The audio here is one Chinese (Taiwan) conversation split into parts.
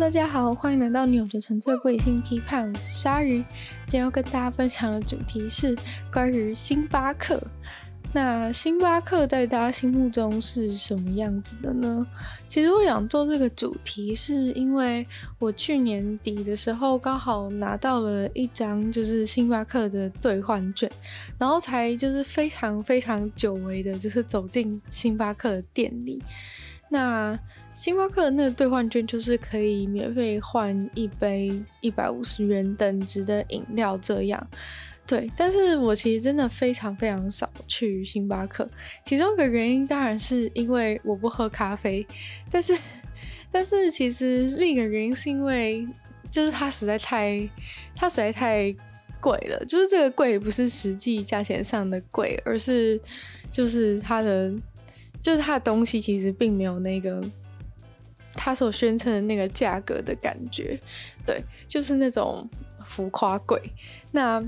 大家好，歡迎來到女友的純粹不理性批判，我是鯊魚。今天要跟大家分享的主題是關於星巴克。那星巴克在大家心目中是什麼樣子的呢？其實我想做這個主題，是因為我去年底的時候剛好拿到了一張就是星巴克的兌換券，然後才就是非常非常久違的，就是走進星巴克的店裡。那星巴克的那個兌換券就是可以免費換一杯一百五十元等值的飲料，這樣，對。但是我其實真的非常非常少去星巴克，其中一個原因當然是因為我不喝咖啡，但是但是其實另一個原因是因為就是它實在太它實在太貴了，就是這個貴不是實際價錢上的貴，而是就是它的就是它的東西其實並沒有那個。他所宣稱的那個價格的感覺，對，就是那種浮誇貴。那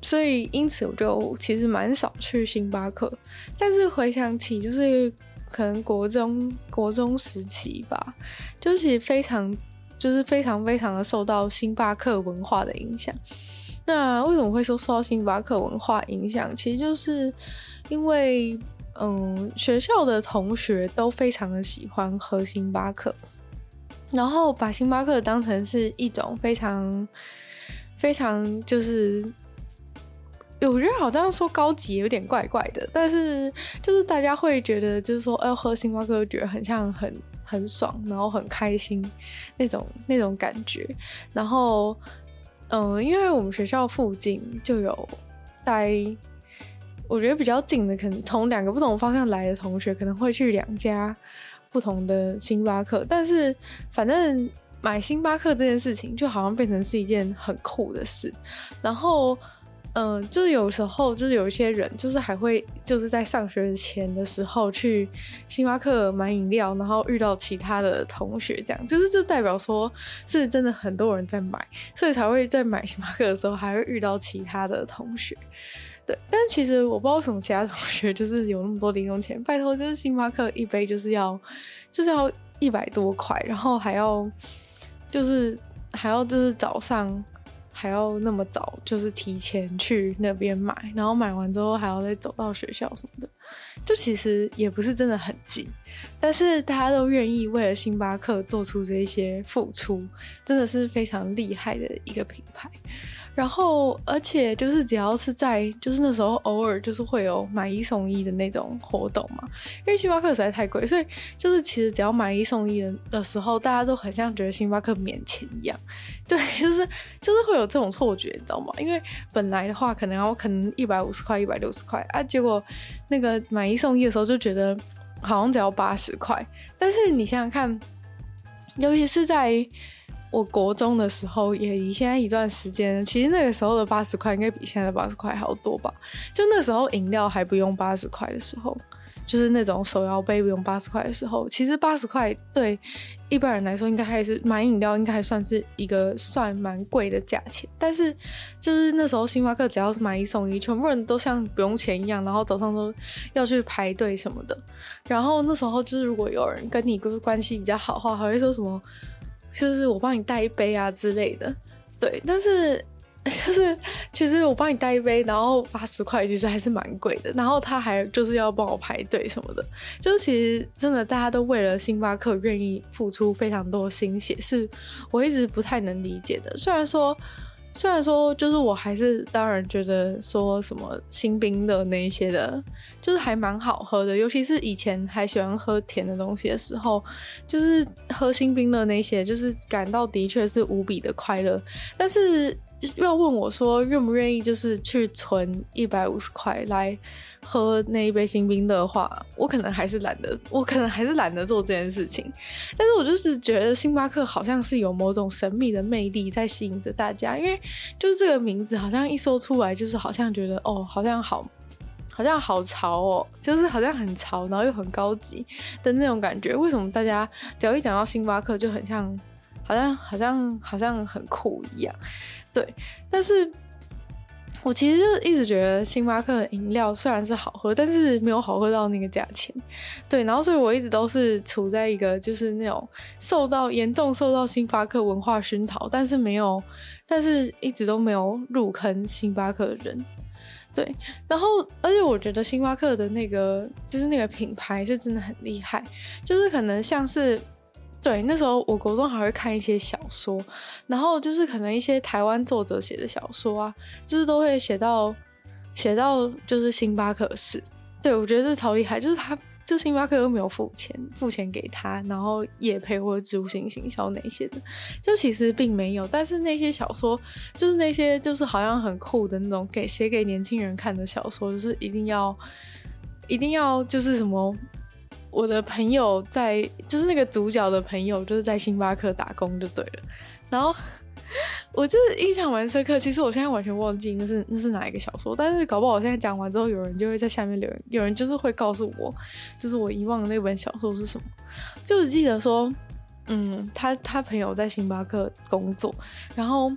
所以因此，我就其實蠻少去星巴克。但是回想起，就是可能國中國中時期吧，就是非常，就是非常非常的受到星巴克文化的影響。那為什麼會說受到星巴克文化影響？其實就是因為。嗯，學校的同學都非常的喜歡喝星巴克，然後把星巴克當成是一種非常非常就是，我覺得好像說高級有點怪怪的，但是就是大家會覺得就是說，哎、呃，喝星巴克覺得很像很很爽，然後很開心那種那種感覺。然後，嗯，因為我們學校附近就有待。我覺得比較近的，可能從兩個不同方向來的同學，可能會去兩家不同的星巴克。但是，反正買星巴克這件事情，就好像變成是一件很酷的事。然後，嗯、呃，就是有時候，就是有一些人，就是還會就是在上學前的時候去星巴克買飲料，然後遇到其他的同學，這樣就是就代表說，是真的很多人在買，所以才會在買星巴克的時候還會遇到其他的同學。對，但是其實我不知道為什麼其他同學就是有那麼多零用錢，拜託就是星巴克一杯就是要，就是要一百多塊，然後還要就是還要就是早上還要那麼早，就是提前去那邊買，然後買完之後還要再走到學校什麼的，就其實也不是真的很近，但是大家都願意為了星巴克做出這一些付出，真的是非常厲害的一個品牌。然後，而且就是只要是在就是那時候偶爾就是會有買一送一的那種活動嘛，因為星巴克實在太貴，所以就是其實只要買一送一的的時候，大家都很像覺得星巴克免錢一樣，對，就是就是會有這種錯覺，你知道嗎？因為本來的話可能要可能一百五十塊、一百六十塊啊，結果那個買一送一的時候就覺得好像只要八十塊，但是你想想看，尤其是在。我國中的時候也離現在一段時間，其實那個時候的八十塊應該比現在的八十塊好多吧。就那時候飲料還不用八十塊的時候，就是那種手搖杯不用八十塊的時候，其實八十塊對一般人來說應該還是買飲料應該還算是一個算蠻貴的價錢。但是就是那時候星巴克只要是買一送一，全部人都像不用錢一樣，然後早上都要去排隊什麼的。然後那時候就是如果有人跟你關係比較好的話，還會說什麼。就是我幫你帶一杯啊之類的，對，但是就是其實我幫你帶一杯，然後八十塊其實還是蠻貴的，然後他還就是要幫我排隊什麼的，就是其實真的大家都為了星巴克願意付出非常多心血，是我一直不太能理解的。雖然說。雖然說，就是我還是當然覺得說什麼星冰樂那一些的，就是還蠻好喝的。尤其是以前還喜歡喝甜的東西的時候，就是喝星冰樂那些，就是感到的確是無比的快樂。但是，又要問我說願不願意，就是去存一百五十塊來喝那一杯新冰的話，我可能還是懶得，我可能還是懶得做這件事情。但是我就是覺得星巴克好像是有某種神秘的魅力在吸引着大家，因為就是這個名字好像一說出來，就是好像覺得哦，好像好，好像好潮哦，就是好像很潮，然後又很高級的那種感覺。為什麼大家只要一講到星巴克就很像？好像好像好像很酷一樣，對，但是我其實就一直覺得星巴克的飲料雖然是好喝，但是沒有好喝到那個價錢，對，然後所以我一直都是處在一個就是那種受到嚴重受到星巴克文化熏陶，但是沒有，但是一直都沒有入坑星巴克的人，對，然後而且我覺得星巴克的那個就是那個品牌是真的很厲害，就是可能像是。對，那時候我國中還會看一些小說，然後就是可能一些台灣作者寫的小說啊，就是都會寫到寫到就是星巴克式。對，我覺得這超厲害，就是他就星巴克又沒有付錢，付錢給他，然後也配，或者置入性行銷那些的，就其實並沒有。但是那些小說，就是那些就是好像很酷的那種給，給寫給年輕人看的小說，就是一定要一定要就是什麼。我的朋友在，就是那個主角的朋友，就是在星巴克打工就對了。然後我就是印象蠻深刻，其實我現在完全忘記那是那是哪一個小說。但是搞不好我現在講完之後，有人就會在下面留言，有人就是會告訴我，就是我遺忘的那本小說是什麼。就是記得說，嗯，他他朋友在星巴克工作，然後。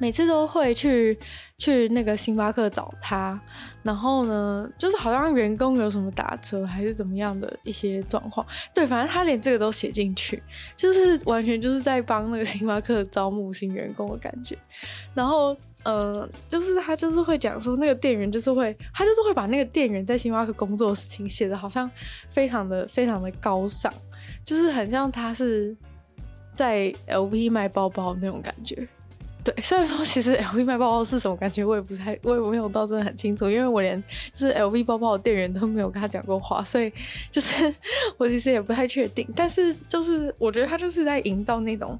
每次都會去去那個星巴克找他，然後呢，就是好像員工有什麼打折還是怎麼樣的一些狀況，對，反正他連這個都寫進去，就是完全就是在幫那個星巴克招募新員工的感覺。然後，呃，就是他就是會講說那個店員就是會，他就是會把那個店員在星巴克工作的事情寫的好像非常的非常的高尚，就是很像他是在 LV 賣包包那種感覺。雖然說，其實 LV 賣包包是什麼感覺，我也不太，我也沒有到真的很清楚，因為我連就是 LV 包包的店員都沒有跟他講過話，所以就是我其實也不太確定。但是就是我覺得他就是在營造那種，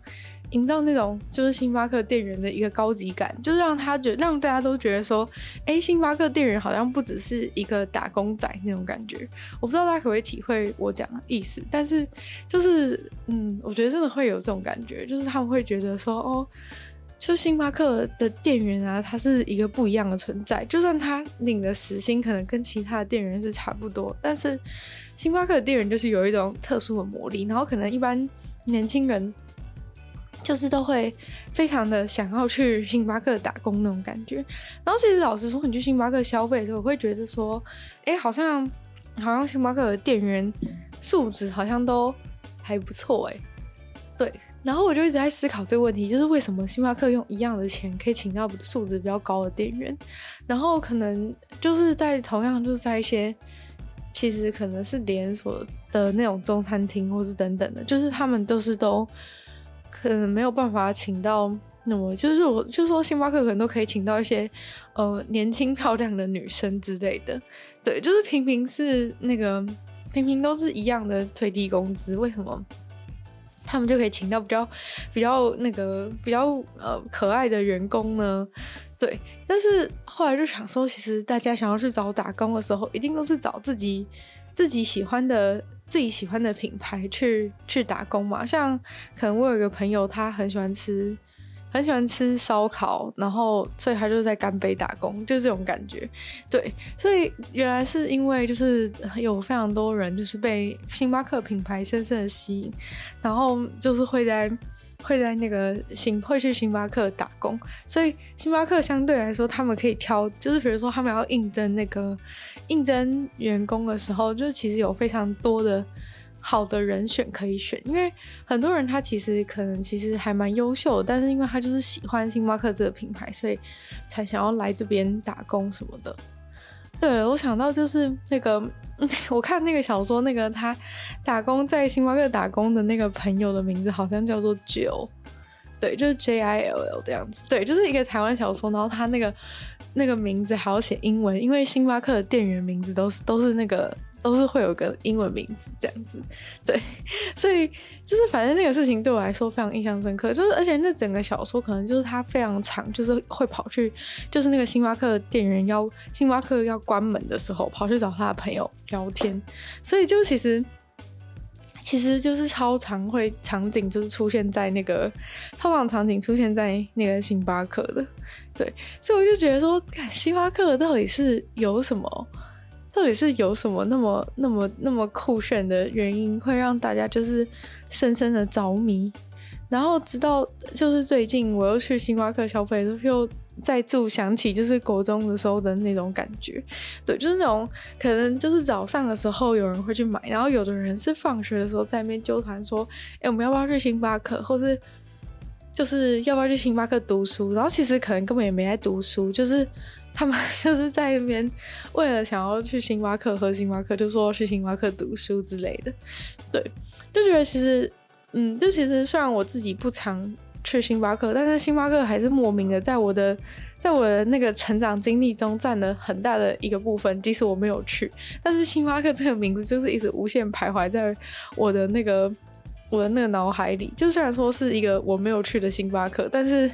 營造那種就是星巴克店員的一個高級感，就是讓他覺，讓大家都覺得說，哎，星巴克店員好像不只是一個打工仔那種感覺。我不知道大家可不可以體會我講的意思，但是就是嗯，我覺得真的會有這種感覺，就是他們會覺得說，哦。就星巴克的店員啊，他是一個不一樣的存在。就算他領的時薪可能跟其他的店員是差不多，但是星巴克的店員就是有一種特殊的魔力，然後可能一般年輕人就是都會非常的想要去星巴克打工那種感覺。然後其實老實說，你去星巴克消費的時候，我會覺得說，欸，好像好像星巴克的店員素質好像都還不錯欸，對。然後我就一直在思考這個問題，就是為什麼星巴克用一樣的錢可以請到素質比較高的店員，然後可能就是在同樣就是在一些其實可能是連鎖的那種中餐廳，或是等等的，就是他們都是都可能沒有辦法請到那麼，就是我就是、說星巴克可能都可以請到一些呃年輕漂亮的女生之類的，對，就是平平是那個平平都是一樣的最低工資，為什麼？他們就可以請到比較、比較那個、比較呃可愛的員工呢，對。但是後來就想說，其實大家想要去找打工的時候，一定都是找自己自己喜歡的、自己喜歡的品牌去去打工嘛。像可能我有一個朋友，他很喜歡吃。很喜歡吃燒烤，然後所以他就在乾杯打工，就這種感覺。對，所以原來是因為就是有非常多人就是被星巴克品牌深深的吸引，然後就是會在會在那個星會去星巴克打工。所以星巴克相對來說，他們可以挑，就是比如說他們要應徵那個應徵員工的時候，就其實有非常多的好的人選可以選，因為很多人他其實可能其實還蠻優秀的，但是因為他就是喜歡星巴克這個品牌，所以才想要來這邊打工什麼的。對，我想到就是那個，我看那個小說，那個他打工在星巴克打工的那個朋友的名字好像叫做 Jill，對，就是 J I L L 這樣子，對，就是一個台灣小說，然後他那個那個名字還要寫英文，因為星巴克的店員名字都是都是那個。都是會有個英文名字這樣子，對，所以就是反正那個事情對我來說非常印象深刻，就是而且那整個小說可能就是它非常長，就是會跑去，就是那個星巴克店員要星巴克要關門的時候，跑去找他的朋友聊天，所以就其實其實就是超常會場景，就是出現在那個超長場景出現在那個星巴克的，對，所以我就覺得說，星巴克到底是有什麼？到底是有什麼那麼那麼那麼酷炫的原因，會讓大家就是深深的着迷？然後直到就是最近我又去星巴克消費，又再度想起就是國中的時候的那種感覺。對，就是那種可能就是早上的時候有人會去買，然後有的人是放學的時候在那邊糾團說：“誒，我們要不要去星巴克？”或是。就是要不要去星巴克讀書？然後其實可能根本也沒在讀書，就是他們就是在那邊為了想要去星巴克喝星巴克，就說去星巴克讀書之類的。對，就覺得其實，嗯，就其實雖然我自己不常去星巴克，但是星巴克還是莫名的在我的在我的那個成長經歷中占了很大的一個部分。即使我沒有去，但是星巴克這個名字就是一直無限徘徊在我的那個。我的那個腦海裡，就雖然說是一個我沒有去的星巴克，但是，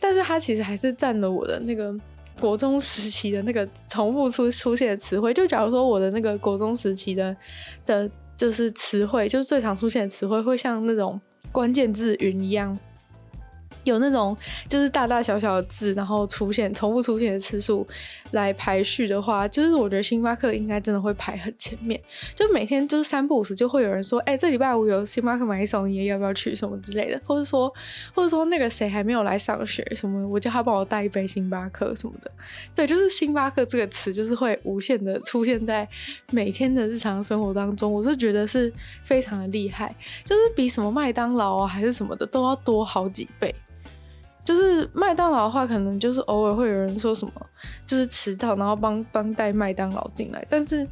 但是它其實還是佔了我的那個國中時期的那個重複出出現的詞彙。就假如說我的那個國中時期的的就，就是詞彙，就是最常出現的詞彙，會像那種關鍵字雲一樣。有那種就是大大小小的字，然後出現重複出現的次數來排序的話，就是我覺得星巴克應該真的會排很前面。就每天就是三不五時就會有人說：“哎、欸，這禮拜五有星巴克買一送一，要不要去？”什麼之類的，或者說，或者說那個誰還沒有來上學，什麼我叫他幫我帶一杯星巴克什麼的。對，就是星巴克這個詞，就是會無限的出現在每天的日常生活當中。我是覺得是非常的厲害，就是比什麼麥當勞啊還是什麼的都要多好幾倍。就是麥當勞的話，可能就是偶爾會有人說什麼，就是遲到，然後幫幫帶麥當勞進來。但是，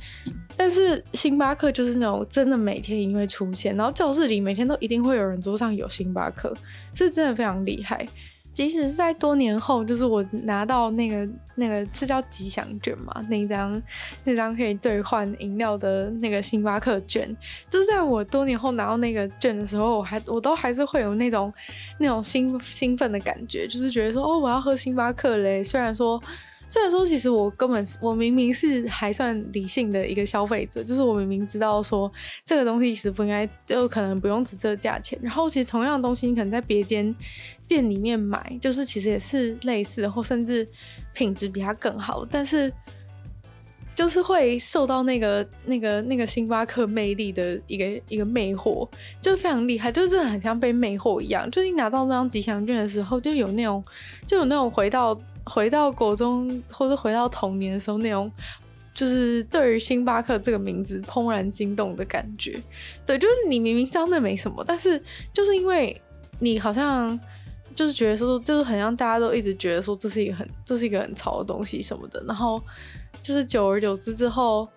但是星巴克就是那種真的每天一定會出現，然後教室裡每天都一定會有人桌上有星巴克，是真的非常厲害。即使是在多年後，就是我拿到那個那個是叫吉祥卷嘛，那一張那張可以兌換飲料的那個星巴克券，就是在我多年後拿到那個券的時候，我還我都還是會有那種那種興興奮的感覺，就是覺得說哦，我要喝星巴克嘞，雖然說。雖然說，其實我根本我明明是還算理性的一個消費者，就是我明明知道說這個東西其實不應該，就可能不用值這個價錢。然後，其實同樣的東西，你可能在別間店裡面買，就是其實也是類似的，或甚至品質比它更好，但是就是會受到那個那個那個星巴克魅力的一個一個魅惑，就非常厲害，就是很像被魅惑一樣。就是一拿到那張吉祥券的時候，就有那種就有那種回到。回到國中或者回到童年的時候，那種就是對於星巴克這個名字怦然心動的感覺。對，就是你明明知道那沒什麼，但是就是因為你好像就是覺得說，就是好像大家都一直覺得說這是一個很這是一個很潮的東西什麼的，然後就是久而久之之後。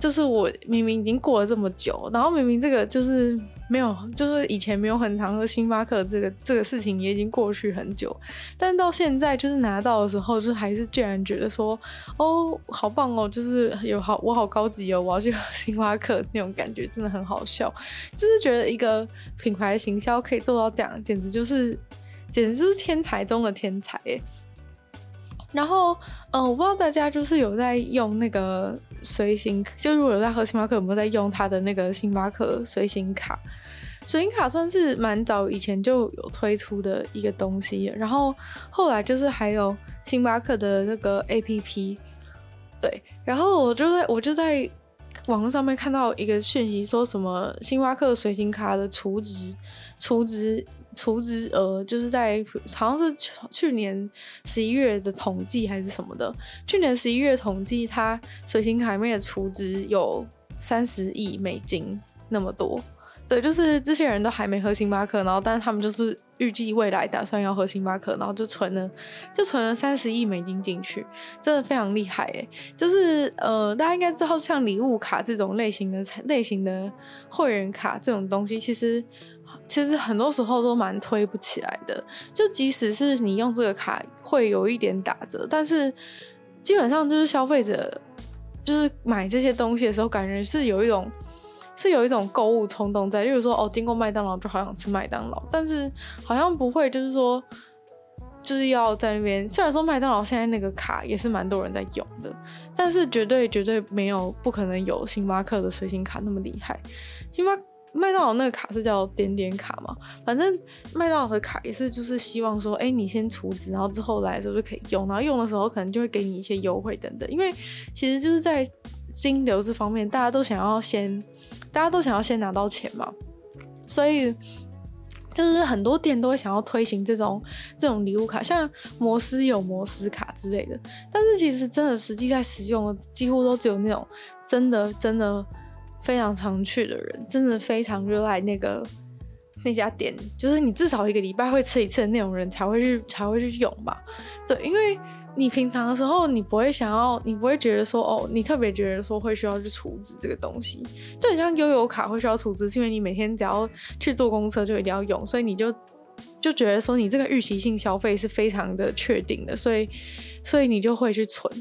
就是我明明已經過了這麼久，然後明明這個就是沒有，就是以前沒有很常喝星巴克這個這個事情也已經過去很久，但到現在就是拿到的時候，就還是居然覺得說，哦，好棒哦，就是有好我好高級哦，我要去星巴克那種感覺，真的很好笑。就是覺得一個品牌行銷可以做到這樣，簡直就是簡直就是天才中的天才。然後，嗯、呃，我不知道大家就是有在用那個。隨行，就如果有在喝星巴克，我們在用他的那個星巴克隨行卡。隨行卡算是蠻早以前就有推出的一個東西，然後後來就是還有星巴克的那個 APP。對，然後我就在我就在網絡上面看到一個訊息，說什麼星巴克隨行卡的儲值，儲值。儲值額就是在好像是去年十一月的統計還是什麼的，去年十一月統計，他隨行卡面的儲值有三十億美金那麼多。對，就是這些人都還沒喝星巴克，然後，但是他們就是。預計未來打算要喝星巴克，然後就存了，就存了三十億美金進去，真的非常厲害哎！就是呃，大家應該知道，像禮物卡這種類型的、類型的會員卡這種東西，其實其實很多時候都蠻推不起來的。就即使是你用這個卡會有一點打折，但是基本上就是消費者就是買這些東西的時候，感覺是有一種。是有一種購物衝動在，例如說哦，經過麥當勞就好想吃麥當勞，但是好像不會，就是說，就是要在那邊。雖然說麥當勞現在那個卡也是蠻多人在用的，但是絕對絕對沒有不可能有星巴克的隨行卡那麼厲害。星巴克麥當勞那個卡是叫點點卡嘛？反正麥當勞的卡也是就是希望說，哎、欸，你先儲值，然後之後來的時候就可以用，然後用的時候可能就會給你一些優惠等等。因為其實就是在金流這方面，大家都想要先。大家都想要先拿到錢嘛，所以就是很多店都會想要推行這種這種禮物卡，像摩斯有摩斯卡之類的。但是其實真的實際在使用的，幾乎都只有那種真的真的非常常去的人，真的非常熱愛那個那家店，就是你至少一個禮拜會吃一次的那種人才會去才會去用吧。對，因為。你平常的時候，你不會想要，你不會覺得說，哦，你特別覺得說會需要去儲值這個東西，就很像悠遊卡會需要儲值是因為你每天只要去坐公車就一定要用，所以你就就覺得說你這個預期性消費是非常的確定的，所以，所以你就會去存。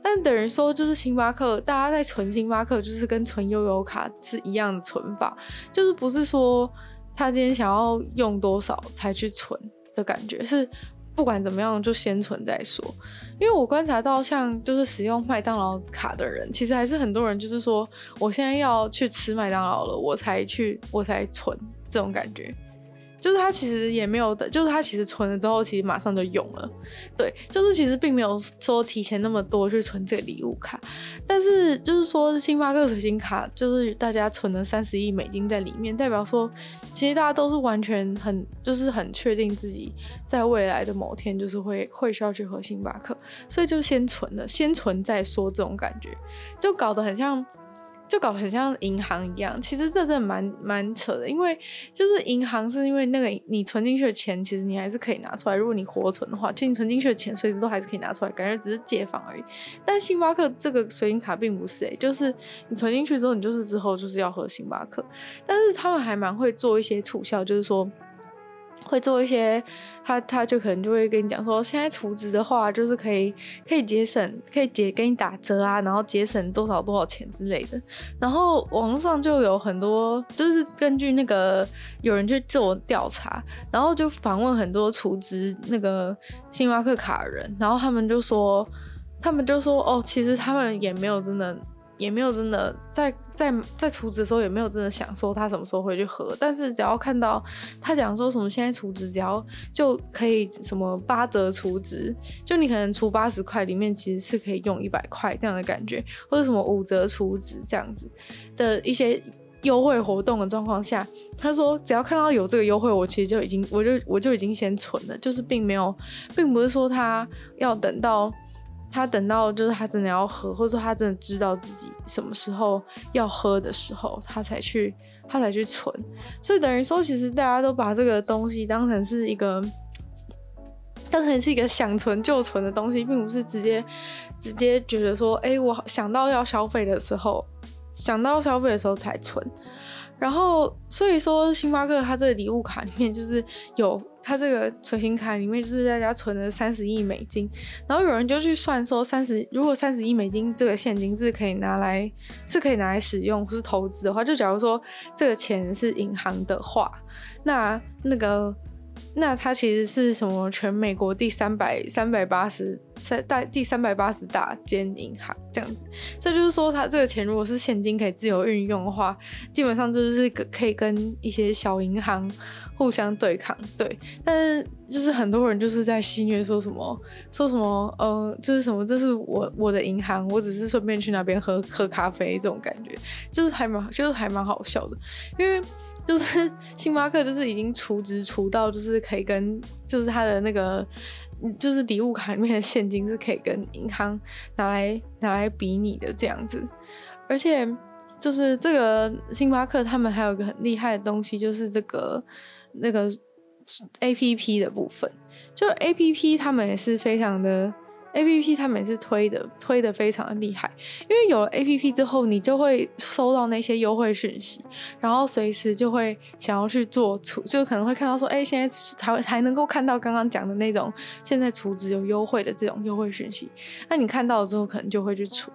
但等於說，就是星巴克，大家在存星巴克就是跟存悠遊卡是一樣的存法，就是不是說他今天想要用多少才去存的感覺是。不管怎麼樣，就先存再說。因為我觀察到，像就是使用麥當勞卡的人，其實還是很多人，就是說，我現在要去吃麥當勞了，我才去，我才存這種感覺。就是他其實也沒有，就是他其實存了之後，其實馬上就用了，對，就是其實並沒有說提前那麼多去存這個禮物卡，但是就是說星巴克隨行卡，就是大家存了三十億美金在裡面，代表說其實大家都是完全很就是很確定自己在未來的某天就是會會需要去喝星巴克，所以就先存了，先存再說這種感覺，就搞得很像。就搞得很像銀行一樣，其實這真的蠻蠻扯的，因為就是銀行是因為那個你存進去的錢，其實你還是可以拿出來，如果你活存的話，其實你存進去的錢隨時都還是可以拿出來，感覺只是寄放而已。但星巴克這個隨行卡並不是、欸，就是你存進去之後，你就是之後就是要喝星巴克，但是他們還蠻會做一些促銷，就是說。會做一些，他他就可能就會跟你講說，現在儲值的話就是可以可以節省，可以節給你打折啊，然後節省多少多少錢之類的。然後網絡上就有很多，就是根據那個有人去做調查，然後就訪問很多儲值那個星巴克卡的人，然後他們就說，他們就說哦，其實他們也沒有真的。也沒有真的在在在儲值的時候也沒有真的想說他什麼時候會去喝，但是只要看到他講說什麼現在儲值只要就可以什麼八折儲值，就你可能儲八十塊裡面其實是可以用一百塊這樣的感覺，或者什麼五折儲值這樣子的一些優惠活動的狀況下，他說只要看到有這個優惠，我其實就已經我就我就已經先存了，就是並沒有，並不是說他要等到。他等到就是他真的要喝，或者說他真的知道自己什麼時候要喝的時候，他才去，他才去存。所以等於說，其實大家都把這個東西當成是一個，當成是一個想存就存的東西，並不是直接直接覺得說，哎、欸，我想到要消費的時候，想到消費的時候才存。然後所以說，星巴克它這個禮物卡裡面就是有。他這個隨行卡裡面就是大家存了三十億美金，然後有人就去算說，三十，如果三十億美金這個現金是可以拿來是可以拿來使用或是投資的話，就假如說這個錢是銀行的話，那那個。那它其實是什麼？全美國第 300, 380, 三百三百八十三大第三百八十大間銀行這樣子，這就是說，它這個錢如果是現金可以自由運用的話，基本上就是可以跟一些小銀行互相對抗，對。但是就是很多人就是在戲謔說什麼，說什麼，嗯、呃，就是什麼，這是我我的銀行，我只是順便去那邊喝喝咖啡，這種感覺就是還蠻就是還蠻好笑的，因為。就是星巴克，就是已經儲值儲到，就是可以跟，就是他的那個，就是禮物卡裡面的現金是可以跟銀行拿來拿來比擬的這樣子。而且，就是這個星巴克他們還有個很厲害的東西，就是這個那個 APP 的部分，就 APP 他們也是非常的。A P P，他每次推的推的非常的厲害，因為有了 A P P 之後，你就會收到那些優惠訊息，然後隨時就會想要去做儲，就可能會看到說，哎、欸，現在才才能夠看到剛剛講的那種現在儲值有優惠的這種優惠訊息。那你看到了之後，可能就會去儲。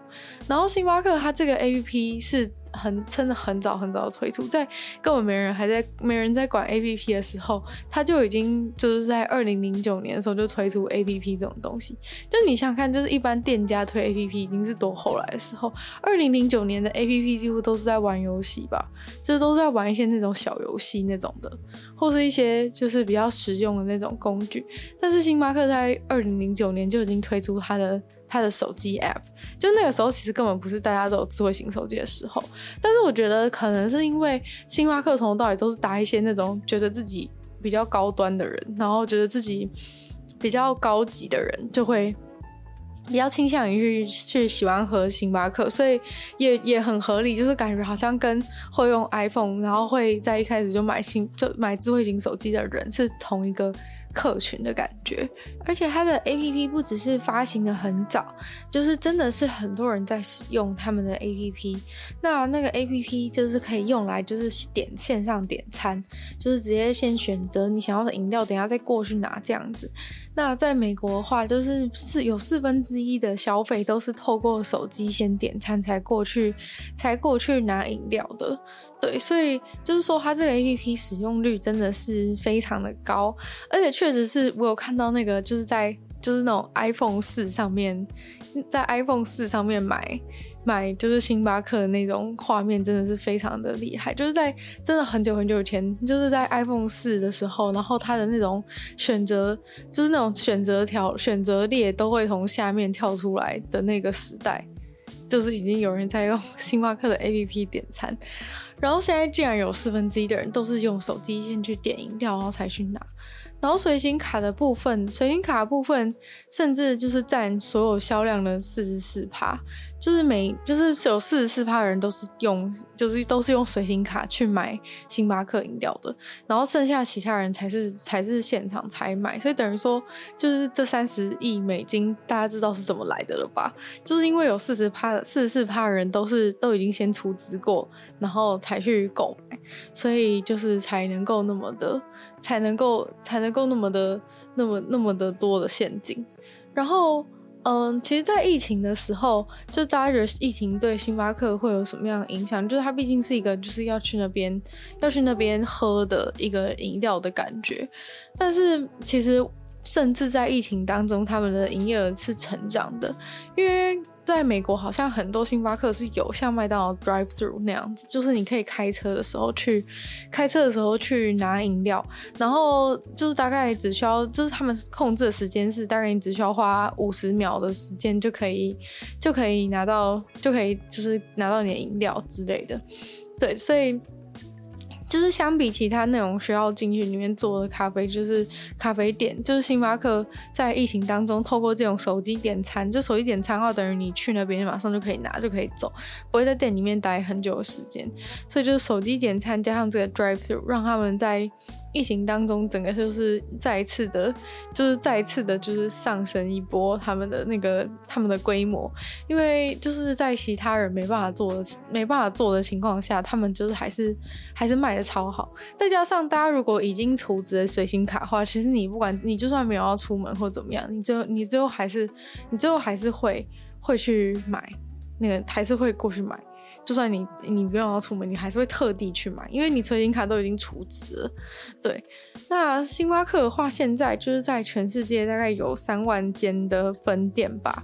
然後星巴克它這個 A P P 是。很，真的很早很早的推出，在根本沒人還在沒人在管 A P P 的時候，他就已經就是在二零零九年的時候就推出 A P P 這種東西。就你想看，就是一般店家推 A P P 已經是多後來的時候，二零零九年的 A P P 幾乎都是在玩遊戲吧，就都是都在玩一些那種小遊戲那種的，或是一些就是比較實用的那種工具。但是星巴克在二零零九年就已經推出它的。他的手機 App，就那個時候其實根本不是大家都有智慧型手機的時候，但是我覺得可能是因為星巴克從頭到尾都是打一些那種覺得自己比較高端的人，然後覺得自己比較高級的人就會比較傾向於去去喜歡喝星巴克，所以也也很合理，就是感覺好像跟會用 iPhone，然後會在一開始就買新就買智慧型手機的人是同一個客群的感覺，而且它的 APP 不只是發行得很早，就是真的是很多人在使用他們的 APP。那那個 APP 就是可以用來就是點線上點餐，就是直接先選擇你想要的飲料，等下再過去拿這樣子。那在美國的話，就是四有四分之一的消費都是透過手機先點餐才過去，才過去拿飲料的。對，所以就是說，它這個 A P P 使用率真的是非常的高，而且確實是我有看到那個，就是在就是那種 iPhone 四上面，在 iPhone 四上面買買就是星巴克的那種畫面，真的是非常的厲害。就是在真的很久很久以前，就是在 iPhone 四的時候，然後它的那種選擇，就是那種選擇條、選擇列都會從下面跳出來的那個時代，就是已經有人在用星巴克的 A P P 點餐。然後現在竟然有四分之一的人都是用手機先去點飲料，然後才去拿。然後隨行卡的部分，隨行卡的部分甚至就是佔所有銷量的四十四趴，就是每，就是有四十四趴的人都是用，就是都是用隨行卡去買星巴克飲料的，然後剩下其他人才是才是現場才買，所以等於說就是這三十億美金大家知道是怎麼來的了吧？就是因為有四十四趴，四十四趴的人都是都已經先儲值過，然後才去購買，所以就是才能夠那麼的。才能夠才能夠那麼的那麼那麼的多的陷阱，然後嗯，其實，在疫情的時候，就大家覺得疫情對星巴克會有什麼樣的影響？就是它畢竟是一個，就是要去那邊要去那邊喝的一個飲料的感覺。但是，其實甚至在疫情當中，他們的營業額是成長的，因為。在美國，好像很多星巴克是有像麥當勞 drive through 那樣子，就是你可以開車的時候去，開車的時候去拿飲料，然後就是大概只需要，就是他們控制的時間是大概你只需要花五十秒的時間就可以，就可以拿到，就可以就是拿到你的飲料之類的，對，所以。就是相比其他那種需要進去裡面坐的咖啡，就是咖啡店，就是星巴克在疫情當中透過這種手機點餐，就手機點餐的話等於你去那邊馬上就可以拿，就可以走，不會在店裡面待很久的時間，所以就是手機點餐加上這個 Drive-thru，讓他們在。疫情當中，整個就是再一次的，就是再一次的，就是上升一波他們的那個他們的規模。因為就是在其他人沒辦法做的，沒辦法做的情況下，他們就是還是還是賣的超好。再加上大家如果已經儲值的隨行卡的話，其實你不管你就算沒有要出門或怎麼樣，你最後你最後還是你最後還是會會去買，那個還是會過去買。就算你你不用要出門，你還是會特地去買，因為你隨行卡都已經儲值。對，那星巴克的話，現在就是在全世界大概有三萬間的分店吧。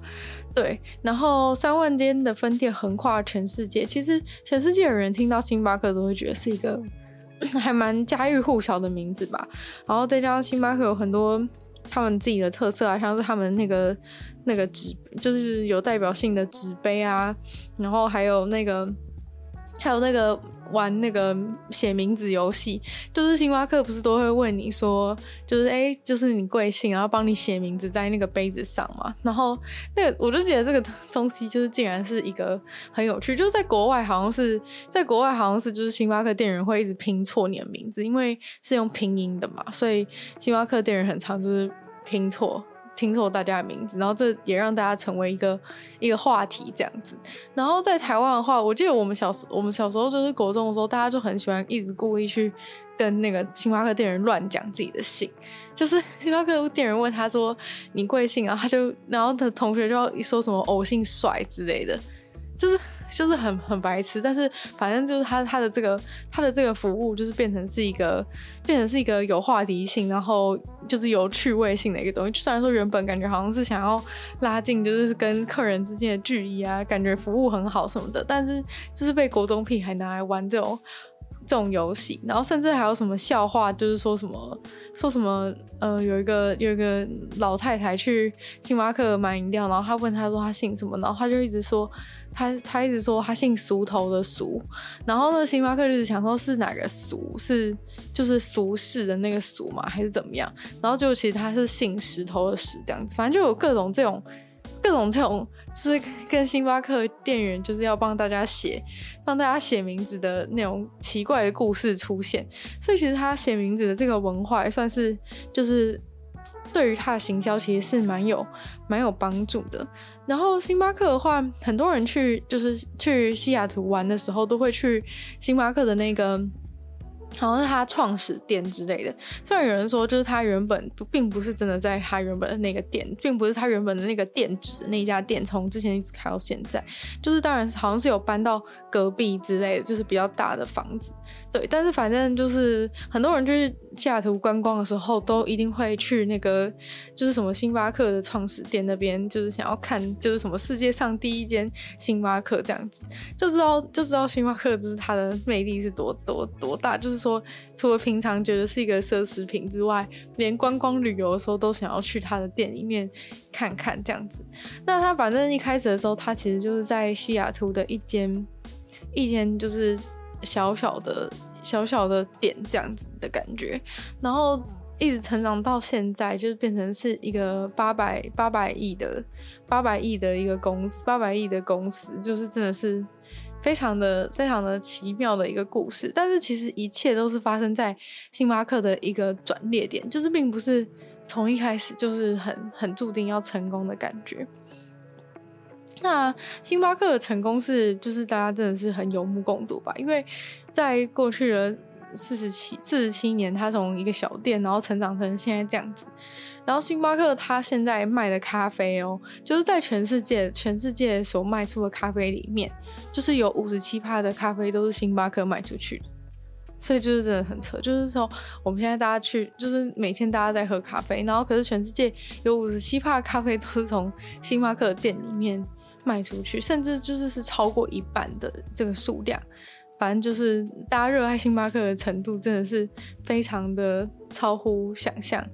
對，然後三萬間的分店橫跨全世界，其實全世界的人聽到星巴克都會覺得是一個 還蠻家喻戶曉的名字吧。然後再加上星巴克有很多他們自己的特色啊，像是他們那個。那個紙就是有代表性的紙杯啊，然後還有那個，還有那個玩那個寫名字遊戲，就是星巴克不是都會問你說，就是哎、欸，就是你貴姓，然後幫你寫名字在那個杯子上嘛。然後那個我就覺得這個東西就是竟然是一個很有趣，就是在國外好像是，在國外好像是就是星巴克店員會一直拼錯你的名字，因為是用拼音的嘛，所以星巴克店員很常就是拼錯。聽說大家的名字，然後這也讓大家成為一個一個話題這樣子。然後在台灣的話，我記得我們小時我們小時候就是國中的時候，大家就很喜歡一直故意去跟那個星巴克店員亂講自己的姓，就是星巴克店員問他說，你貴姓啊，他就然後他同學就要說什麼偶姓帥之類的，就是。就是很很白痴，但是反正就是他他的這個他的這個服務，就是變成是一個變成是一個有話題性，然後就是有趣味性的一個東西。雖然說原本感覺好像是想要拉近就是跟客人之間的距離啊，感覺服務很好什麼的，但是就是被國中屁孩拿來玩這種。這種遊戲，然後甚至還有什麼笑話，就是說什麼說什麼，呃，有一個有一個老太太去星巴克買飲料，然後他問他說他姓什麼，然後他就一直說他他一直說他姓俗頭的俗，然後呢星巴克就是想說，是哪個俗，是就是俗世的那個俗嘛，還是怎麼樣？然後就其實他是姓石頭的石這樣子，反正就有各種這種。各種這種，就是跟星巴克店員就是要幫大家寫，讓大家寫名字的那種奇怪的故事出現，所以其實他寫名字的這個文化也算是就是對於他的行銷其實是蠻有蠻有幫助的。然後星巴克的話，很多人去就是去西雅圖玩的時候，都會去星巴克的那個。好像是他創始店之類的，雖然有人說就是他原本不並不是真的在他原本的那個店，並不是他原本的那個店址那一家店，從之前一直開到現在，就是當然好像是有搬到隔壁之類的，就是比較大的房子。對，但是反正就是很多人就是西雅圖觀光的時候，都一定會去那個就是什麼星巴克的創始店那邊，就是想要看就是什麼世界上第一間星巴克這樣子，就知道就知道星巴克就是它的魅力是多多多大，就是。說，除了平常覺得是一個奢侈品之外，連觀光旅遊的時候都想要去他的店裡面看看這樣子。那他反正一開始的時候，他其實就是在西雅圖的一間一間就是小小的小小的店這樣子的感覺，然後一直成長到現在，就是變成是一個八百八百億的八百億的一個公司，八百億的公司，就是真的是。非常的非常的奇妙的一個故事，但是其實一切都是發生在星巴克的一個轉捩點，就是並不是從一開始就是很很注定要成功的感覺。那星巴克的成功是，就是大家真的是很有目共睹吧，因為在過去的。四十七四十七年，他從一個小店，然後成長成現在這樣子。然後星巴克，他現在賣的咖啡哦、喔，就是在全世界全世界所賣出的咖啡裡面，就是有五十七趴的咖啡都是星巴克賣出去的。所以就是真的很扯，就是說我們現在大家去，就是每天大家在喝咖啡，然後可是全世界有五十七趴的咖啡都是從星巴克店裡面賣出去，甚至就是是超過一半的這個數量。反正就是大家熱愛星巴克的程度真的是非常的超乎想象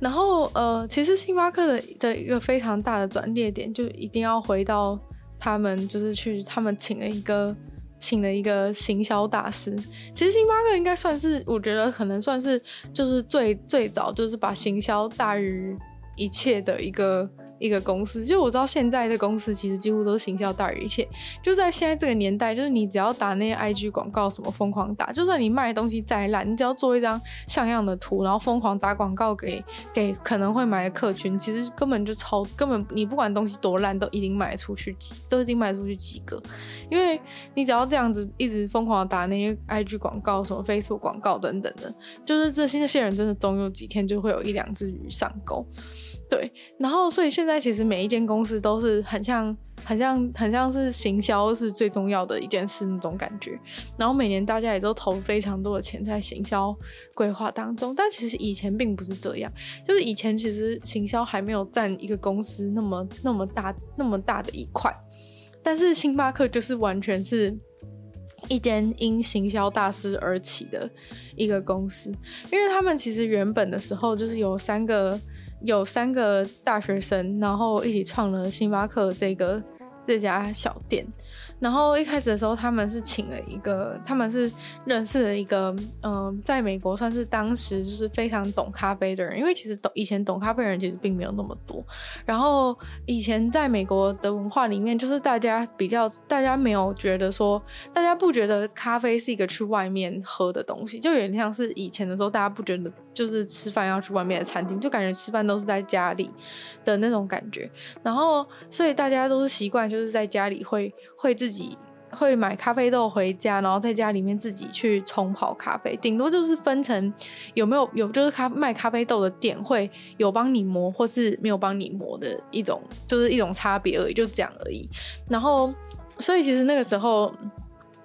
然後呃，其實星巴克的的一個非常大的轉捩點，就一定要回到他們就是去他們請了一個請了一個行銷大師。其實星巴克應該算是我覺得可能算是就是最最早就是把行銷大於一切的一個。一個公司，就我知道，現在的公司其實幾乎都是行銷大於一切。就在現在這個年代，就是你只要打那些 IG 廣告，什麼瘋狂打，就算你賣的東西再爛，你只要做一張像樣的圖，然後瘋狂打廣告給給可能會買的客群，其實根本就超根本，你不管東西多爛，都一定賣出去，都一定賣出去幾個。因為你只要這樣子一直瘋狂打那些 IG 廣告、什麼 Facebook 廣告等等的，就是這些那些人真的總有幾天就會有一兩隻魚上鈎。對，然後所以現在其實每一間公司都是很像，很像，很像是行銷是最重要的一件事那種感覺。然後每年大家也都投非常多的錢在行銷規劃當中，但其實以前並不是這樣，就是以前其實行銷還沒有佔一個公司那麼那麼大那麼大的一塊。但是星巴克就是完全是一間因行銷大師而起的一個公司，因為他們其實原本的時候就是有三個。有三個大學生，然後一起創了星巴克這個這家小店。然後一開始的時候，他們是請了一個，他們是認識了一個，嗯、呃，在美國算是當時就是非常懂咖啡的人，因為其實懂以前懂咖啡的人其實並沒有那麼多。然後以前在美國的文化裡面，就是大家比較，大家沒有覺得說，大家不覺得咖啡是一個去外面喝的東西，就有點像是以前的時候，大家不覺得就是吃飯要去外面的餐廳，就感覺吃飯都是在家裡的那種感覺。然後所以大家都是習慣，就是在家裡會會自己。自己會買咖啡豆回家，然後在家裡面自己去沖泡咖啡。頂多就是分成有沒有有，就是咖賣咖啡豆的店會有幫你磨，或是沒有幫你磨的一種，就是一種差別而已，就這樣而已。然後，所以其實那個時候。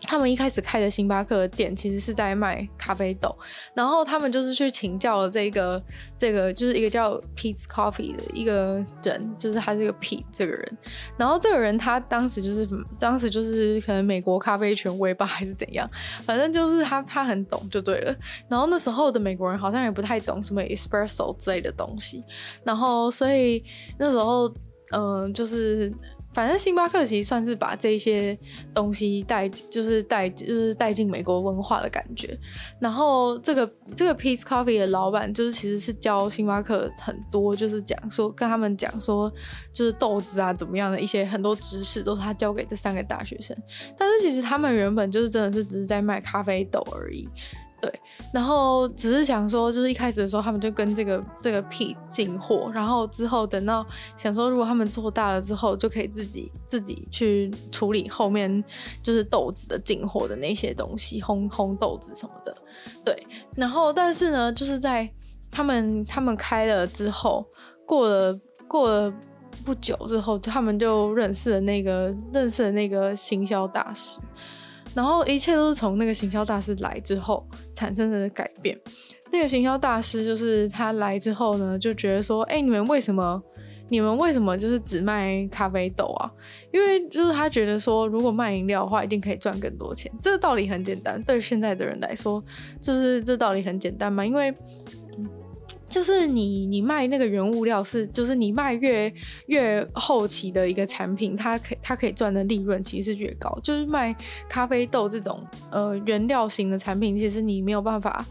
他們一開始開的星巴克店其實是在賣咖啡豆，然後他們就是去請教了這個這個就是一個叫 Peet's Coffee 的一個人，就是他這個 P 這個人，然後這個人他當時就是當時就是可能美國咖啡權威吧，還是怎樣，反正就是他他很懂就對了。然後那時候的美國人好像也不太懂什麼 Espresso 之類的東西，然後所以那時候嗯、呃、就是。反正星巴克其實算是把這一些東西帶，就是帶，就是帶進美國文化的感覺。然後這個這個 Peace Coffee 的老闆就是其實是教星巴克很多，就是講說跟他們講說，就是豆子啊怎麼樣的一些很多知識，都是他教給這三個大學生。但是其實他們原本就是真的是只是在賣咖啡豆而已。對，然後只是想說，就是一開始的時候，他們就跟這個這個 P 進貨，然後之後等到想說，如果他們做大了之後，就可以自己自己去處理後面就是豆子的進貨的那些東西，烘烘豆子什麼的。對，然後但是呢，就是在他們他們開了之後，過了過了不久之後，就他們就認識了那個認識了那個行銷大師。然後一切都是從那個行銷大師來之後產生的改變。那個行銷大師就是他來之後呢，就覺得說，哎，你們為什麼，你們為什麼就是只賣咖啡豆啊？因為就是他覺得說，如果賣飲料的話，一定可以賺更多錢。這個道理很簡單，對現在的人來說，就是這道理很簡單嘛。因為就是你，你賣那個原物料是，就是你賣越越後期的一個產品，它可以它可以賺的利潤其實是越高。就是賣咖啡豆這種呃原料型的產品，其實你沒有辦法，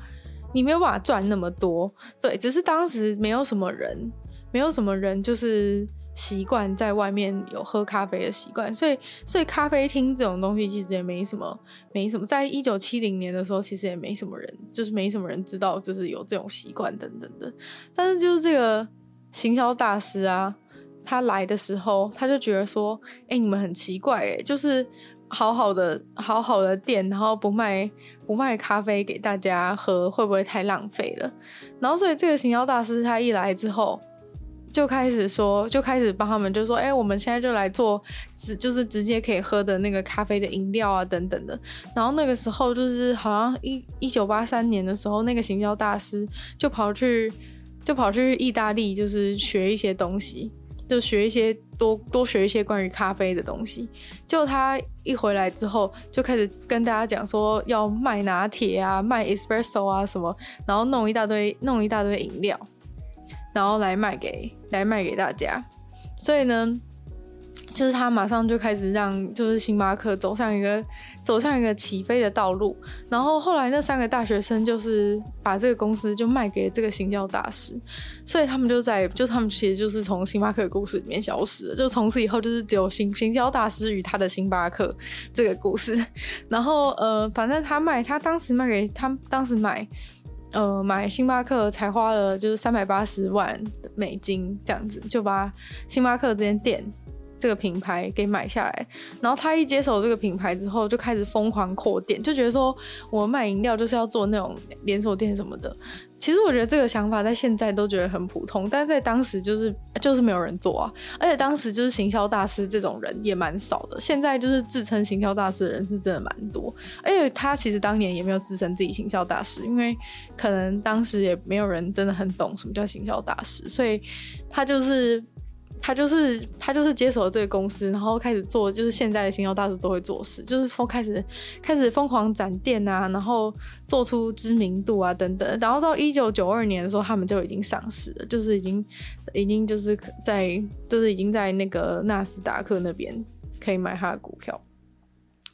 你沒有辦法賺那麼多。對，只是當時沒有什麼人，沒有什麼人，就是。習慣在外面有喝咖啡的習慣，所以所以咖啡廳這種東西其實也沒什麼，沒什麼。在一九七零年的時候，其實也沒什麼人，就是沒什麼人知道，就是有這種習慣等等的。但是就是這個行銷大師啊，他來的時候，他就覺得說：“哎，你們很奇怪，哎，就是好好的好好的店，然後不賣不賣咖啡給大家喝，會不會太浪費了？”然後所以這個行銷大師他一來之後。就開始說，就開始幫他們，就說，哎、欸，我們現在就來做直，就是直接可以喝的那個咖啡的飲料啊，等等的。然後那個時候，就是好像一一九八三年的時候，那個行銷大師就跑去，就跑去意大利，就是學一些東西，就學一些多多學一些關於咖啡的東西。就他一回來之後，就開始跟大家講說要賣拿鐵啊，賣 espresso 啊什麼，然後弄一大堆，弄一大堆飲料。然後來賣給來賣給大家，所以呢，就是他馬上就開始讓就是星巴克走上一個走上一個起飛的道路。然後後來那三個大學生就是把這個公司就賣給這個行銷大師，所以他們就在就是他們其實就是從星巴克的故事裡面消失了，就從此以後就是只有行行銷大師與他的星巴克這個故事。然後呃，反正他賣他當時賣給他當時買。呃，買星巴克才花了就是三百八十萬美金這樣子，就把星巴克這間店。這個品牌給買下來，然後他一接手這個品牌之後，就開始瘋狂擴店，就覺得說，我賣飲料就是要做那種連鎖店什麼的。其實我覺得這個想法在現在都覺得很普通，但在當時就是就是沒有人做啊，而且當時就是行銷大師這種人也蠻少的。現在就是自稱行銷大師的人是真的蠻多，而且他其實當年也沒有自稱自己行銷大師，因為可能當時也沒有人真的很懂什麼叫行銷大師，所以他就是。他就是他就是接手了這個公司，然後開始做，就是現在的行銷大師都會做事，就是瘋開始開始瘋狂展店啊，然後做出知名度啊等等，然後到一九九二年的時候，他們就已經上市了，就是已經已經就是在就是已經在那個納斯達克那邊可以買他的股票。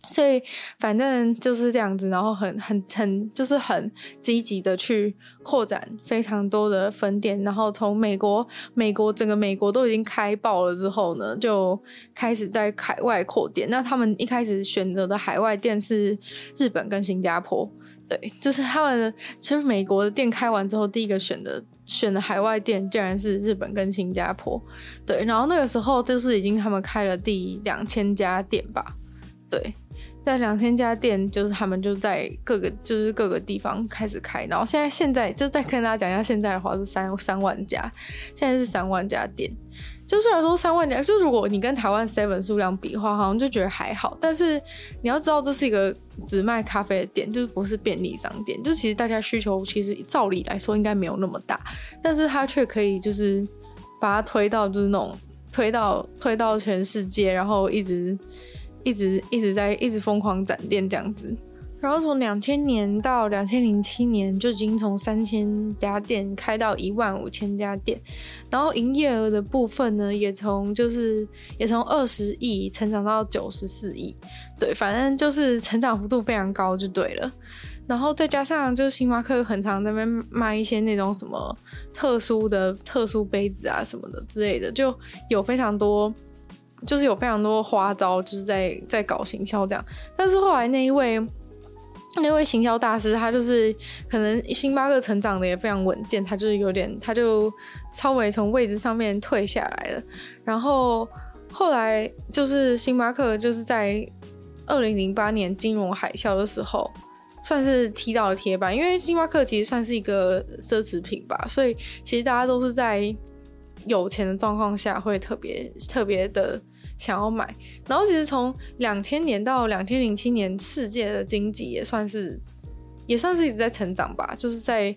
所以反正就是這樣子，然後很很很就是很積極的去擴展非常多的分店，然後從美國美國整個美國都已經開爆了之後呢，就開始在海外擴店。那他們一開始選擇的海外店是日本跟新加坡，對，就是他們其實美國的店開完之後，第一個選的選的海外店竟然是日本跟新加坡，對，然後那個時候就是已經他們開了第兩千家店吧，對。在兩千家店，就是他們就在各個就是各個地方開始開，然後現在現在就再跟大家講一下，現在的話是三三萬家，現在是三萬家店。就雖然說三萬家，就如果你跟台灣 seven 數量比的話，好像就覺得還好。但是你要知道，這是一個只賣咖啡的店，就是不是便利商店。就其實大家需求其實照理來說應該沒有那麼大，但是它卻可以就是把它推到就是那種推到推到全世界，然後一直。一直一直在一直瘋狂展店這樣子，然後從兩千年到兩千零七年，就已經從三千家店開到一萬五千家店，然後營業額的部分呢，也從就是也從二十億成長到九十四億，對，反正就是成長幅度非常高就對了。然後再加上就是星巴克很常在那邊賣一些那種什麼特殊的特殊杯子啊什麼的之類的，就有非常多。就是有非常多花招，就是在在搞行銷這樣。但是後來那一位，那位行銷大師，他就是可能星巴克成長的也非常穩健，他就是有點，他就稍微從位置上面退下來了。然後後來就是星巴克就是在二零零八年金融海嘯的時候，算是踢到了鐵板，因為星巴克其實算是一個奢侈品吧，所以其實大家都是在有錢的狀況下會特別特別的。想要買，然後其實從兩千年到兩千零七年，世界的經濟也算是也算是一直在成長吧，就是在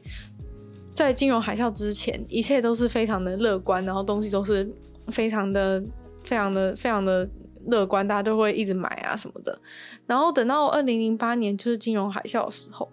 在金融海嘯之前，一切都是非常的樂觀，然後東西都是非常的非常的非常的樂觀，大家都會一直買啊什麼的，然後等到二零零八年就是金融海嘯的時候，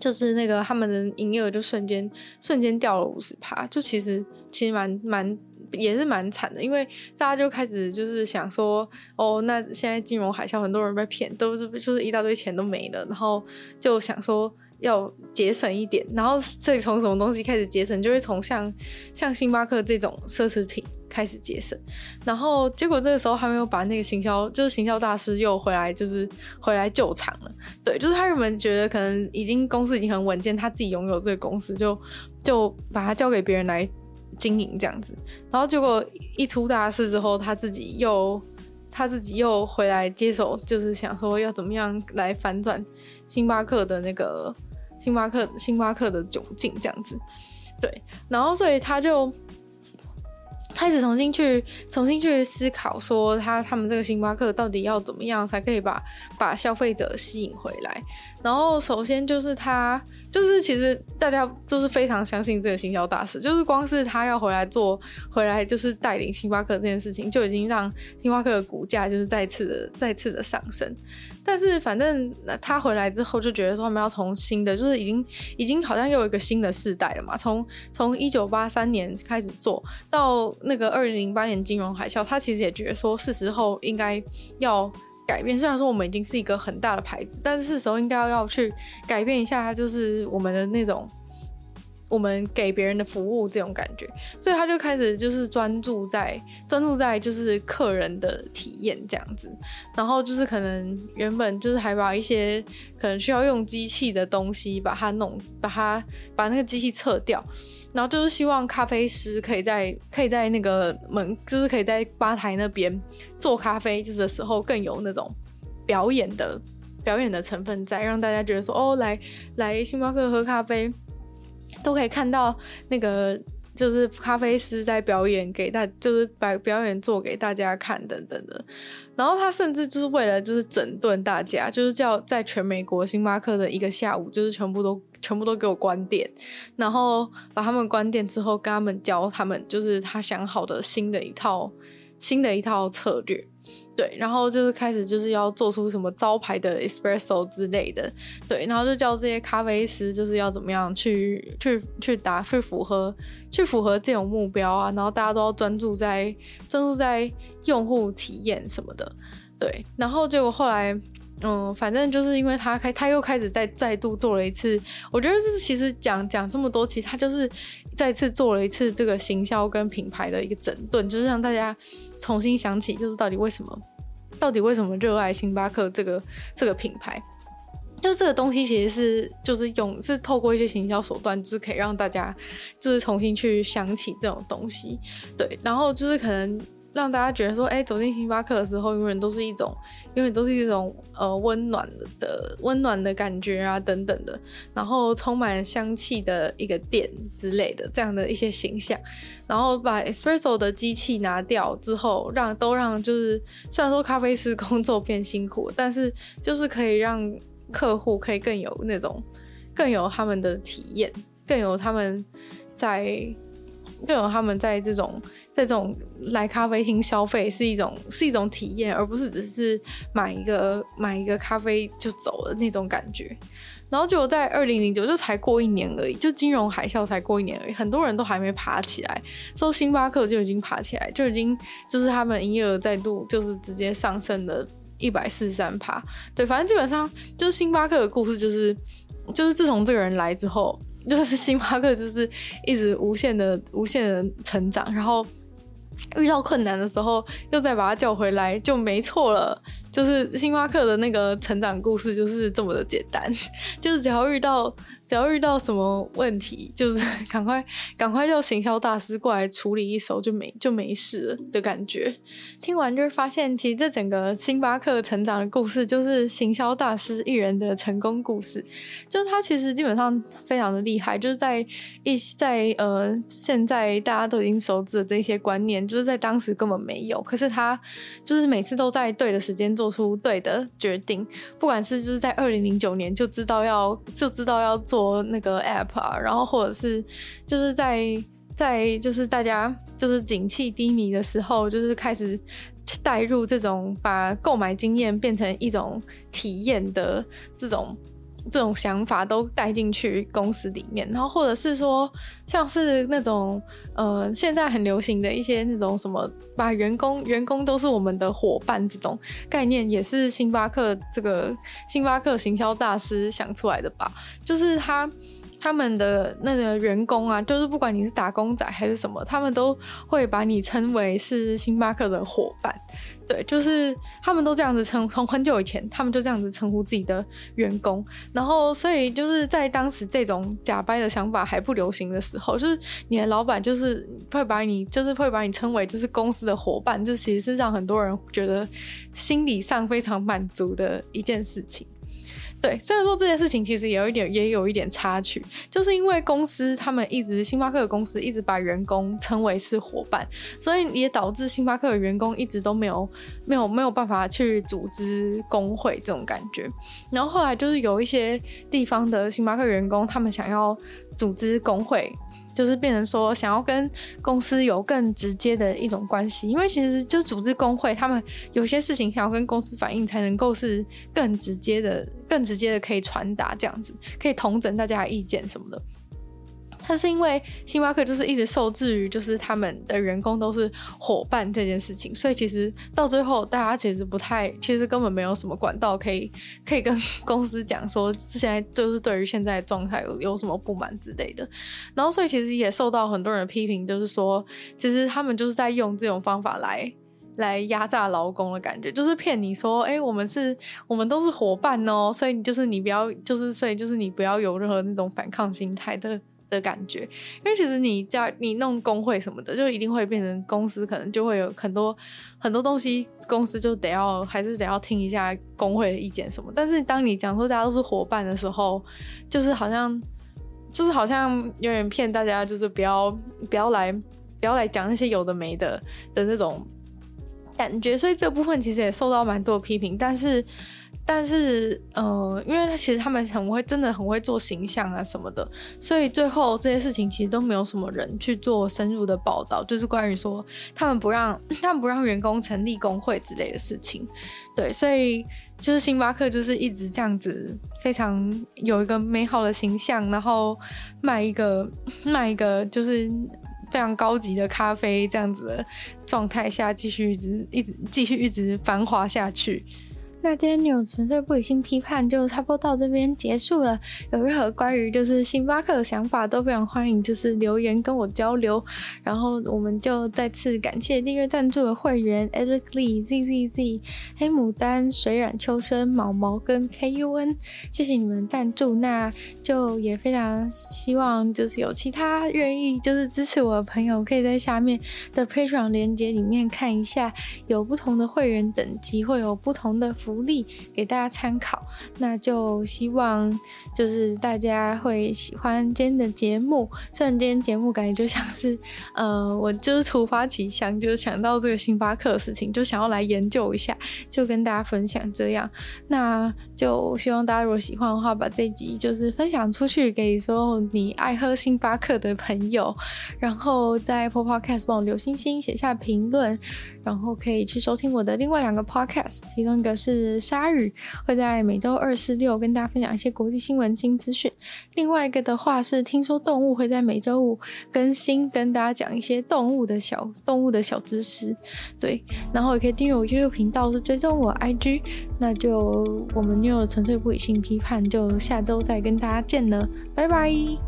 就是那個他們的營業額就瞬間瞬間掉了五十趴，就其實其實蠻蠻。也是蠻慘的，因為大家就開始就是想說，哦，那現在金融海嘯，很多人被騙，都是就是一大堆錢都沒了，然後就想說要節省一點，然後這裡從什麼東西開始節省，就會從像像星巴克這種奢侈品開始節省，然後結果這個時候還沒有把那個行銷，就是行銷大師又回來，就是回來救場了，對，就是他原本覺得可能已經公司已經很穩健，他自己擁有這個公司就，就就把它交給別人來。經營這樣子，然後結果一出大事之後，他自己又他自己又回來接手，就是想說要怎麼樣來反轉星巴克的那個星巴克星巴克的窘境這樣子，對，然後所以他就開始重新去重新去思考，說他他們這個星巴克到底要怎麼樣才可以把把消費者吸引回來，然後首先就是他。就是其實大家就是非常相信這個行銷大師，就是光是他要回來做回來，就是帶領星巴克這件事情，就已經讓星巴克的股價就是再次的再次的上升。但是反正他回來之後就覺得說，他們要從新的就是已經已經好像又有一個新的世代了嘛。從從一九八三年開始做到那個二零零八年金融海嘯，他其實也覺得說，是時候應該要。改變，雖然說我們已經是一個很大的牌子，但是是時候應該要去改變一下，它就是我們的那種。我們給別人的服務這種感覺，所以他就開始就是專注在專注在就是客人的體驗這樣子，然後就是可能原本就是還把一些可能需要用機器的東西把它弄把它把那個機器撤掉，然後就是希望咖啡師可以在可以在那個門就是可以在吧台那邊做咖啡，就是的時候更有那種表演的表演的成分在，讓大家覺得說哦，來來星巴克喝咖啡。都可以看到那個就是咖啡師在表演給大，就是把表演做給大家看等等的。然後他甚至就是為了就是整頓大家，就是叫在全美國星巴克的一個下午，就是全部都全部都給我關店，然後把他們關店之後，跟他們教他們就是他想好的新的一套新的一套策略。對，然後就是開始就是要做出什麼招牌的 Espresso 之類的，對，然後就叫這些咖啡師就是要怎麼樣去去去達去符合去符合這種目標啊，然後大家都要專注在專注在用戶體驗什麼的，對，然後結果後來，嗯，反正就是因為他開他又開始再再度做了一次，我覺得這是其實講講這麼多，其實他就是再次做了一次這個行銷跟品牌的一個整頓，就是讓大家。重新想起，就是到底為什麼，到底為什麼熱愛星巴克這個這個品牌？就是這個東西其實是，就是用，是透過一些行銷手段，就是可以讓大家就是重新去想起這種東西。對，然後就是可能。讓大家覺得說，哎，走進星巴克的時候，永遠都是一種，永遠都是一種呃溫暖的、溫暖的感覺啊，等等的，然後充滿香氣的一個店之類的，這樣的一些形象。然後把 Espresso 的機器拿掉之後，讓都讓就是，雖然說咖啡師工作變辛苦，但是就是可以讓客戶可以更有那種，更有他們的體驗，更有他們在。就有他們在這種、在這種來咖啡廳消費是一種、是一種體驗，而不是只是買一個、買一個咖啡就走的那種感覺。然後就在二零零九，就才過一年而已，就金融海嘯才過一年而已，很多人都還沒爬起來，說星巴克就已經爬起來，就已經就是他們營業額再度就是直接上升了一百四十三趴。對，反正基本上就是星巴克的故事，就是，就是就是自從這個人來之後。就是星巴克，就是一直無限的、無限的成長，然後遇到困難的時候，又再把他叫回來，就沒錯了。就是星巴克的那個成長故事就是這麼的簡單，就是只要遇到只要遇到什麼問題，就是趕快趕快叫行銷大師過來處理一手就沒就沒事了的感覺。聽完就是發現，其實這整個星巴克成長的故事就是行銷大師一人的成功故事。就是他其實基本上非常的厲害，就是在一在呃現在大家都已經熟知的這些觀念，就是在當時根本沒有。可是他就是每次都在對的時間做。做出對的決定，不管是就是在二零零九年就知道要就知道要做那個 app 啊，然後或者是就是在在就是大家就是景氣低迷的時候，就是開始帶入這種把購買經驗變成一種體驗的這種。這種想法都帶進去公司裡面，然後或者是說，像是那種，呃，現在很流行的一些那種什麼，把員工員工都是我們的夥伴這種概念，也是星巴克這個星巴克行銷大師想出來的吧？就是他他們的那個員工啊，就是不管你是打工仔還是什麼，他們都會把你稱為是星巴克的夥伴。對，就是他們都這樣子稱，從很久以前，他們就這樣子稱呼自己的員工。然後，所以就是在當時這種假掰的想法還不流行的時候，就是你的老闆就是會把你，就是會把你稱為就是公司的夥伴，就其實是讓很多人覺得心理上非常滿足的一件事情。對，雖然說這件事情其實有一點，也有一點插曲，就是因為公司他們一直，星巴克的公司一直把員工稱為是夥伴，所以也導致星巴克的員工一直都沒有沒有沒有辦法去組織工會這種感覺。然後後來就是有一些地方的星巴克員工，他們想要組織工會。就是變成說，想要跟公司有更直接的一種關係，因為其實就是組織工會，他們有些事情想要跟公司反映，才能夠是更直接的、更直接的可以傳達這樣子，可以統整大家的意見什麼的。但是因為星巴克就是一直受制於就是他們的員工都是夥伴這件事情，所以其實到最後大家其實不太，其實根本沒有什麼管道可以可以跟公司講說之前就是對於現在狀態有有什麼不滿之類的，然後所以其實也受到很多人的批評，就是說其實他們就是在用這種方法來來壓榨勞工的感覺，就是騙你說哎、欸、我們是我們都是伙伴哦、喔，所以就是你不要就是所以就是你不要有任何那種反抗心態的。的感覺，因為其實你在你弄工會什麼的，就一定會變成公司，可能就會有很多很多東西，公司就得要還是得要聽一下工會的意見什麼。但是當你講說大家都是夥伴的時候，就是好像就是好像有點騙大家，就是不要不要來不要來講那些有的沒的的那種感覺。所以這部分其實也受到蠻多批評，但是。但是，呃，因為他其實他們很會，真的很會做形象啊什麼的，所以最後這些事情其實都沒有什麼人去做深入的報道，就是關於說他們不讓、他們不讓員工成立工會之類的事情，對，所以就是星巴克就是一直這樣子，非常有一個美好的形象，然後賣一個賣一個就是非常高級的咖啡這樣子的狀態下，繼續一直一直繼續一直繁華下去。那今天這種純粹不理性批判就差不多到這邊結束了。有任何關於就是星巴克的想法都非常歡迎，就是留言跟我交流。然後我們就再次感謝訂閱贊助的會員 Lexley Z Z Z、黑牡丹、水染秋生、毛毛跟 KUN，謝謝你們贊助。那就也非常希望就是有其他願意就是支持我的朋友，可以在下面的 Patreon 連結裡面看一下，有不同的會員等級會有不同的服務、福利給大家參考，那就希望就是大家會喜歡今天的節目。雖然今天節目感覺就像是，呃，我就是突發奇想，就是想到這個星巴克的事情，就想要來研究一下，就跟大家分享這樣。那就希望大家如果喜歡的話，把這集就是分享出去，給所有你愛喝星巴克的朋友，然後在 Apple Podcast 幫我留星星，寫下評論，然後可以去收聽我的另外兩個 Podcast，其中一個是。是鯊魚會在每週二、四、六跟大家分享一些國際新聞新資訊。另外一個的話是，聽說動物會在每週五更新，跟大家講一些動物的小動物的小知識。對，然後也可以訂閱我 YouTube 頻道，是追蹤我 IG。那就我們女友們的純粹不理性批判，就下週再跟大家見了，拜拜。